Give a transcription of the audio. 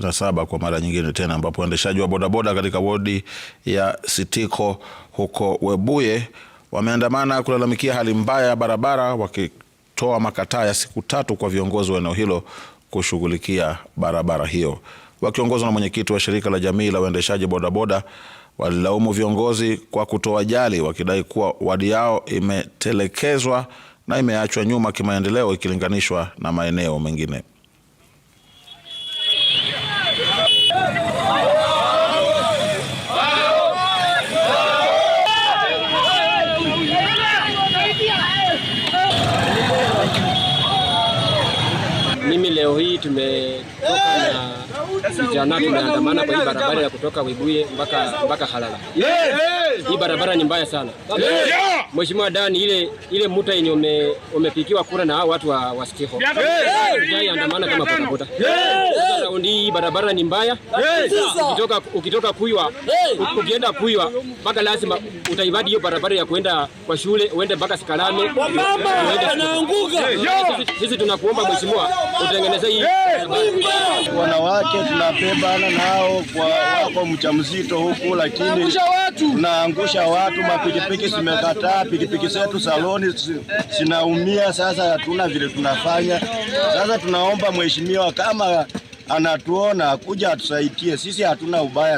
na saba kwa mara nyingine tena ambapo waendeshaji wa bodaboda katika wodi ya Sitiko huko Webuye wameandamana kulalamikia hali mbaya ya barabara wakitoa makataa ya siku tatu kwa viongozi wa eneo hilo kushughulikia barabara hiyo. Wakiongozwa na mwenyekiti wa shirika la jamii la waendeshaji bodaboda, walilaumu viongozi kwa kutowajali, wakidai kuwa wadi yao imetelekezwa na imeachwa nyuma kimaendeleo ikilinganishwa na maeneo mengine. leo hii tumetoka na vijana tumeandamana kwa hii barabara ya kutoka Webuye mpaka mpaka Halala. Hii barabara ni mbaya sana. Mheshimiwa Dani, ile ile muta yenye ume, umepikiwa kura na hao watu wa, wa Stiho hey! andamana kama bodaboda hey! raundi hii barabara ni mbaya hey! ukitoka, ukitoka Kuiwa, hey! ukienda Kuiwa mpaka lazima utaibadi hiyo barabara ya kuenda kwa shule uende mpaka Sikalame. Sisi tunakuomba mheshimiwa utengeneze hii Wanawake tunapebana nao kwa wako mchamzito huku, lakini tunaangusha watu. Mapikipiki zimekataa pikipiki zetu saloni zinaumia. Sasa hatuna vile tunafanya. Sasa tunaomba mheshimiwa, kama anatuona kuja atusaidie, sisi hatuna ubaya.